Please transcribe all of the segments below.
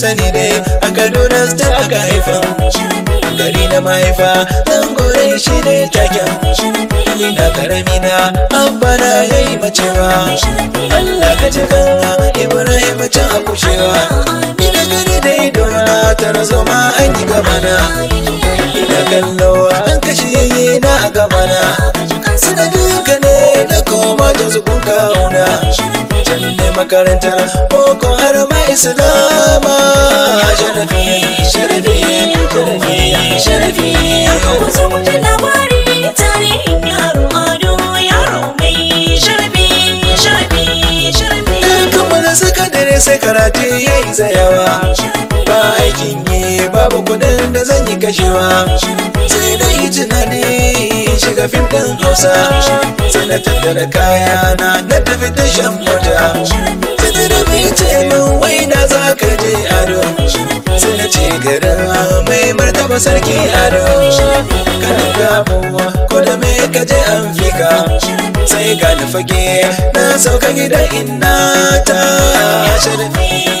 sani ne a kaduna star aka haifa gari na mahaifa zan gore shi ne taken na karami na abba na yi macewa Allah ka ji kanna Ibrahim can a kushewa ina gari da ido na tara zoma an yi gabana ina kallowa an kashe yayi na a gabana sanadin ka ne na koma da zubin kauna makarantar boko har ma islama sharafi sharafi sharafi sharafi sai karatu ya yi tsayawa ba aikin yi babu kudin da zan yi kashewa sai yi tunani shiga fim ɗin hausa sai na tattara kayana na tafi tashan mota sai da bai ce min wai na za ka je ado sai na ce garin mai martaba sarki ado ka ga abuwa ko da me ka je an fika sai ga na fage na sauka gidan inna ta sharafi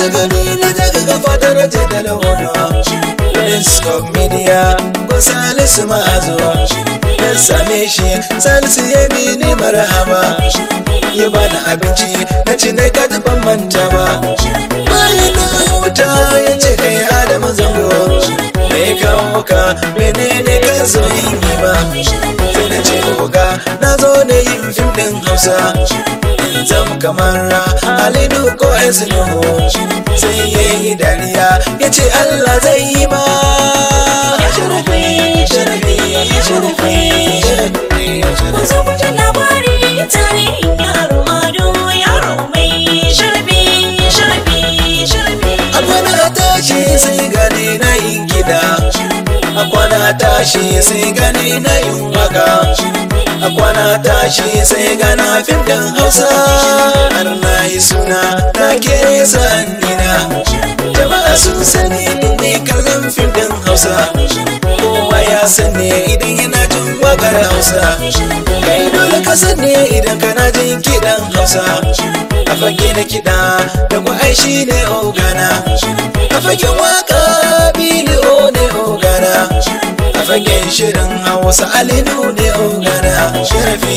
wace gari daga gafa daraja da lahuna prince of media ko salisu zuwa dan same shi salisu ya bi ni marhaba yi bani abinci na ci na ka ban manta ba bayan na wuta ya ce kai adamu zango mai kawo ka menene so yin giba na ce koga na zo da yin fim din hausa zam kamar halidu ko esinu sai ya yi dariya ya ce allah zai yi ma sharafi sharafi sharafi sharafi yaro ado yaro mai na tashi na gida Akwana tashi sai gani na yin waka akwana tashi sai gana fim din hausa har na suna na ke zanina jama'a sun sani ne kallon fim din hausa kowa ya sani idan yana jin wakar hausa kai dole ka sani idan kana jin kiɗan hausa fage na kiɗa da ku ai shi ne ogana a fagen waka biliyo ne ogana a fagen shirin hausa alinu ne ogana sharafi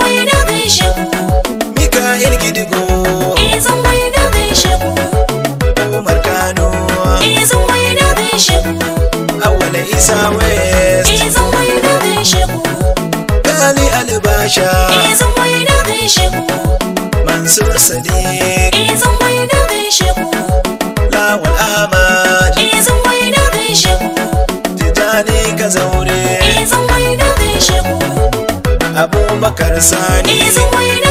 Ismail Gidigo izin eh, mai na gaishe ku Umar Kano izin eh, mai na gaishe ku Awala Isa West izin eh, mai na gaishe ku Gali Albasha izin mai na gaishe ku Mansur Sadiq Izan mai na gaishe ku Lawal Ahmad izin mai na gaishe ku Tijani Kazaure izin mai na gaishe ku Abubakar Sani Izan mai na